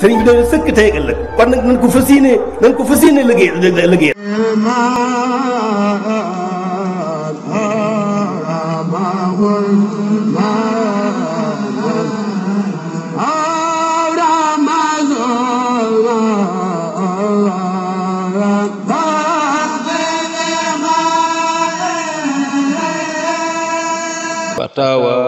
sëriñ bi daal sëkk tey ëllëg kon nag nañ ko fas yéene nañ ko fas yéene liggéey liggéey tawa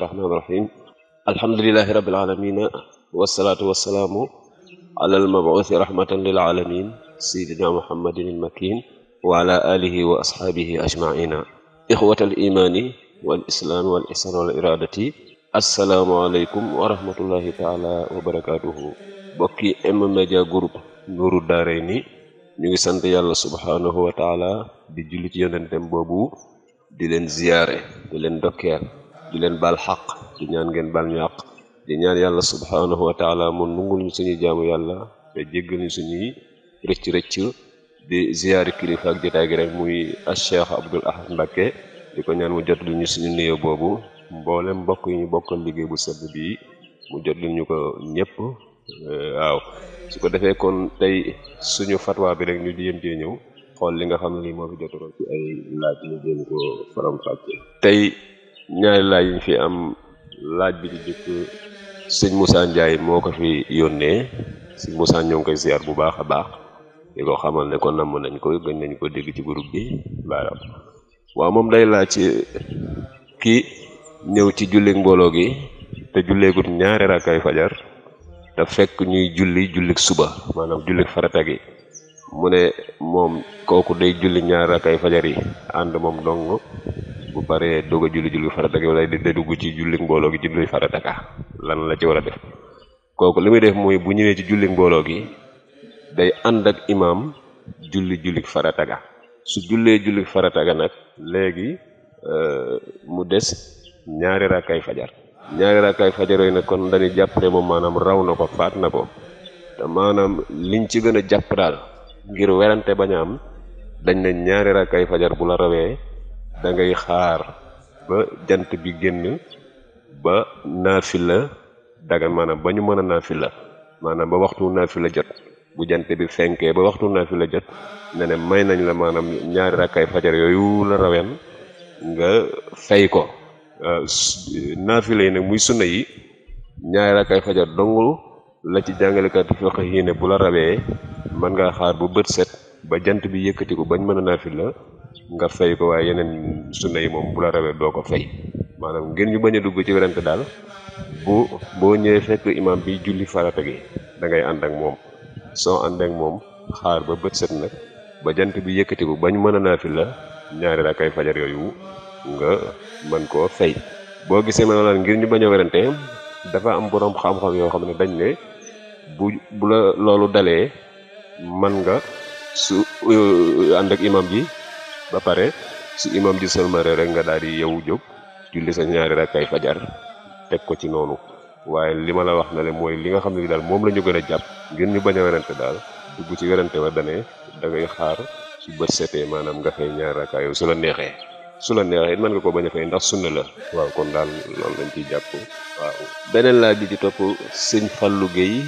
rahmaani rahiim alhamdulilahi rabbil aalamiina wasalaatu wasalaamu ala almabuuthi rahmatan lil aalamiin sayyidina muhammadin il makiin wa ala aalihi wa ashaabihi ajmaina ixwata al imaani wal islaami wal ihsaani wal iraadati assalaamu aleykum wa rahmatullahi taala wa barakaatuhu bokki M-Media Group Nuuru Daarayni ñu ngi sant yàlla subhaanahu wa taala di julli ci yonentam boobu di leen ziyaare di leen dokkeel di leen baal xaq di ñaan ngeen baal ñu àq di ñaan yàlla subhaanahu wa taala mu nungul ñu suñu jaamu yàlla te jéggal ñu suñuy rëcc rëcc di ziyaari kilifa ak jotaay rek muy Cheikh Abdoul Ahad Mbacké di ko ñaan mu jot lu ñu suñu nuyoo boobu mboolem mbokk yi ñu bokkal liggéey bu sedd bii mu jot lu ñu ko ñëpp waaw su ko defee kon tey suñu fatwa bi rek ñu di yem cee ñëw xool li nga xam ne lii moo fi jotoroon ci ay laaj ñu jéem ko faram fàcce tey ñaari laaj yi fi am laaj bi ci jëkk sëñ Moussa moo ko fi yónnee sëñ Moussa ñoo ngi koy ziar bu baax a baax di ko xamal ne kon namm nañ ko gën nañ ko dégg ci groupe bi baaraam waaw moom day laaj ci ki ñëw ci jullik mbooloo gi te julleegut ñaari rakkay fajar te fekk ñuy julli jullik suba maanaam jullik farata gi mu ne moom kooku day julli ñaari rakkay fajar yi ànd moom dong bu paree doog a julli julli farata gi wala day dugg ci julli mbooloo gi julli farata ka lan la ci war a def kooku li muy def mooy bu ñëwee ci julli mbooloo gi day ànd ak imaam julli julli farata ga su jullee julli farata ga nag léegi euh, mu des ñaari rakkay fajar ñaari rakkay fajar yooyu nag kon dañuy jàpp ne moom maanaam raw na ko faat na ko te maanaam liñ ci gën a jàpp daal ngir werante bañ a dañ ne ñaari rakkay fajar bu la rawee da ngay xaar ba jant bi génn ba la daga maanaam ba ñu mën a naafi la maanaam ba waxtu la jot bu jant bi fenkee ba waxtu naafila jot ne ne may nañ la maanaam ñaari rakkaay fajar yooyu la raween nga fay ko euh, naafila yi nag muy sunna yi ñaari rakkaay fajar dongul la ci jàngalekat fiq yi ne bu la rawee mën ngaa xaar bu bët set ba jant bi yëkkati ko bañ mën a la nga fay ko waaye yeneen su yi moom bu la rawee doo ko fay maanaam ngir ñu bañ a dugg ci werante daal boo boo ñëwee fekk imam bi julli farata gi da ngay ànd ak moom soo ànd moom xaar ba bët set nag ba jant bi yëkkatiku bañ mën a naafi la ñaari rakkay fajar yooyu nga mën koo fay boo gisee ma ne ngir ñu bañ a werante dafa am borom xam yoo xam ne ne bu bu la loolu dalee man nga su ànd imam bi ba pare su imam ji sëlmare rek nga daal di yow jóg julli sa ñaari rakkay fajar teg ko ci noonu waaye li ma la wax na le mooy li nga xam ne daal moom la ñu gën a jàpp ngir ñu bañ a werante daal dugg ci werante wa dane da xaar su bët setee maanaam nga fay ñaari rakkaay yow su la neexee su la neexee it mën nga ko bañ a fay ndax sunna la waaw kon daal loolu lañ ciy jàpp waaw beneen laa bi ci topp sëñ Fallou Gueye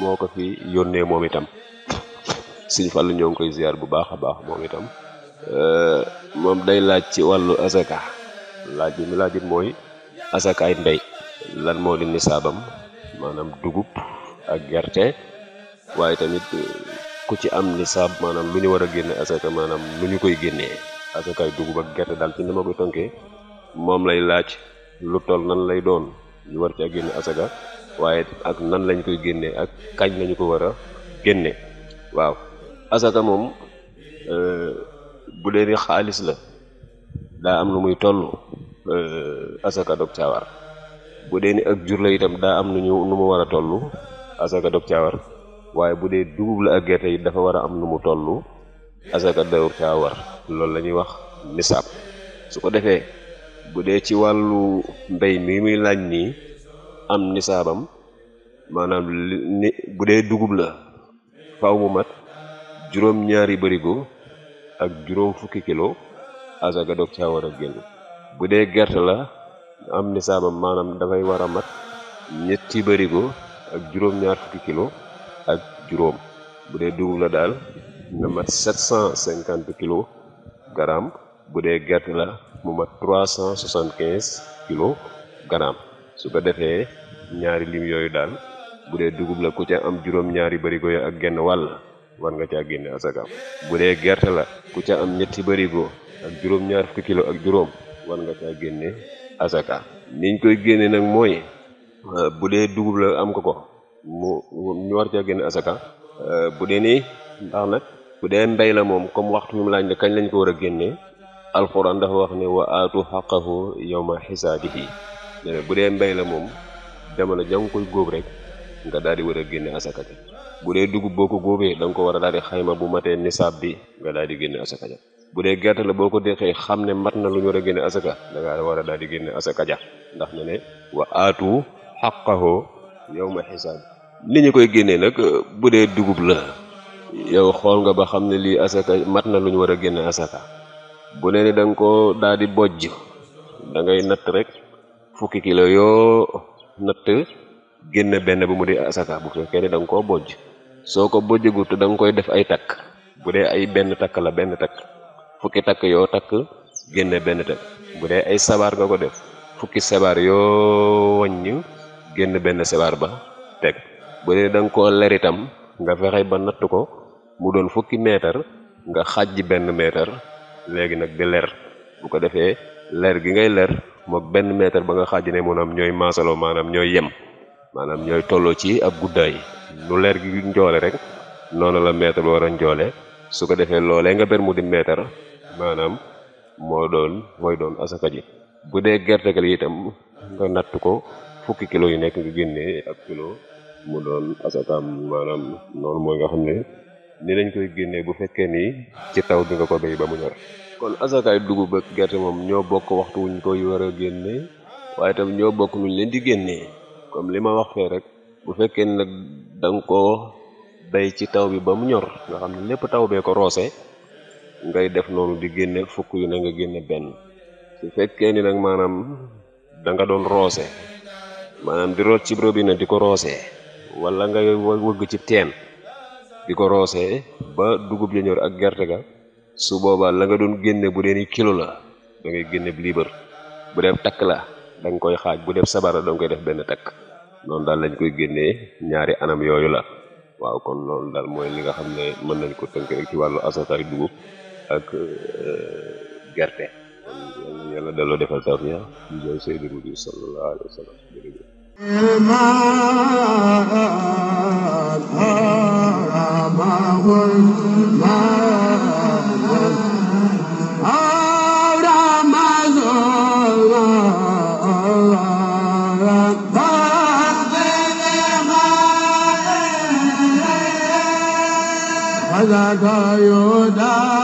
moo ko fi yónnee moom itam sëñ falu ñoo ngi bu baax a baax moom itam Euh, moom day laaj ci wàllu asaka laaj bi mu laajit mooy ay mbéy lan moo di nisaabam maanaam dugub ak gerte waaye tamit ku ci am nisaab maanaam lu ñu war a génne asaka maanaam lu ñu koy génnee asakaay dugub gerte daal ci ni ma moom lay laaj lu toll nan lay doon ñu war caa génne asaka waaye ak nan lañ koy génnee ak kañ lañu ko war a génne waaw asaka moom euh, bu dee ni xaalis la daa am lu muy toll euh, asaka dog caa war bu dee ni ak jur la itam daa am nu ñu nu mu war a toll asaka dog caa war waaye bu dee dugub la ak gerte yi dafa war a am nu mu tollu asaka dog caa war loolu la ñuy wax nisaab su ko defee bu dee ci wàllu mbéy mi muy laaj nii am nisaabam maanaam li bu dee dugub la faw mu mat juróom-ñaari barigo ak juróom fukki kilo azaga doog caa war a génn bu dee gerte la am nisaabam maanaam dafay war a mat ñetti barigo ak juróom ñaar fukki kilo ak juróom bu dee dugub la daal na mat 750 kilo gramme bu dee gerte la mu mat 375 kilo gramme su ko defee ñaari lim yooyu daal bu dee dugub la ku ca am juróom ñaari barigo ya ak genn wàll war nga caa génne asakaam bu dee gerte la ku ca am ñetti barigo ak juróom-ñaar fukki kilo ak juróom war nga caa génne asaka niñ koy génne nag mooy euh, bu dee dugub la am ko ko mu ñu war caa génne asaka euh, bu dee nii ndax nag bu dee mbay la moom comme waxtu bi mu laaj kañ lañ ko war a génnee alxuraan dafa wax ne wa aatu xaqahu yowma xisaabihi bu dee mbay la moom jamono jam koy góob rek nga daal di war a génne asaka bu dee dugub boo ko góobee danga ko war a daal di xayma bu matee nisaab bi nga daal di génne asaka ja bu dee gerte la boo ko déqee xam ne mat na lu ñu war a génne asaka a daal di génne asaka ja ndax ne ne wa aatu xaqahu yawma xisaab li ñu koy génnee nag bu dee dugub la yow xool nga ba xam ne lii asaka mat na lu ñu war a génne asaka bu ne ni da ko daal di bojj dangay ngay natt rek fukki kilo yoo natt génn benn bu mu di asaka bu fekkee ne da nga koo bojj soo ko bojjagut da nga koy def ay takk bu dee ay benn takk la benn takk fukki takk yoo takk génne benn takk bu dee ay sabaar nga ko def fukki sabaar yoo wàññ génn benn sabaar ba teg bu dee da nga koo itam nga fexe ba natt ko mu doon fukki meetar nga xàjji benn meetar léegi nag di leer bu ko defee leer gi ngay leer mook benn meetar ba nga xàjji ne maanaam ñooy maasaloo maanaam ñooy yem maanaam ñooy tolloo ci ab guddaay lu leer gi njoole rek noonu la mètre bi war a njoole su ko defee loolee nga ber mu di mètre maanaam moo doon mooy doon asaka ji bu dee gerte gi itam nga natt ko fukki kilo yu nekk nga génnee ak kilo mu doon asakaam maanaam noonu mooy nga xam ne ni lañ koy génnee bu fekkee ni ci taw bi nga ko béy ba mu ñor kon asakaay dugub ak gerte moom ñoo bokk waxtu wuñ koy war a génnee waaye tam ñoo bokk nuñ leen di génnee comme li ma wax fee rek bu fekkee nag da nga koo bay ci taw bi ba mu ñor nga xam ne lépp taw bee ko roose ngay def noonu di génne fukk yu ne nga génne benn su fekkee ni nag maanaam da nga doon roose maanaam di root ci robinet di ko roose wala ngay wëgg ci teen di ko roosee ba dugub ja ñor ak gerte ga su boobaa la nga doon génne bu dee ni kilo la da ngay génne liibar bu def takk la da koy xaaj bu def sabara da koy def benn takk noonu daal lañ koy génnee ñaari anam yooyu la waaw kon loolu daal mooy li nga xam ne man nañ ko tënk rek ci wàllu asakaay dugub ak gerte kon yàlla delloo defal tawfiq di jooy Seydou Nabi daa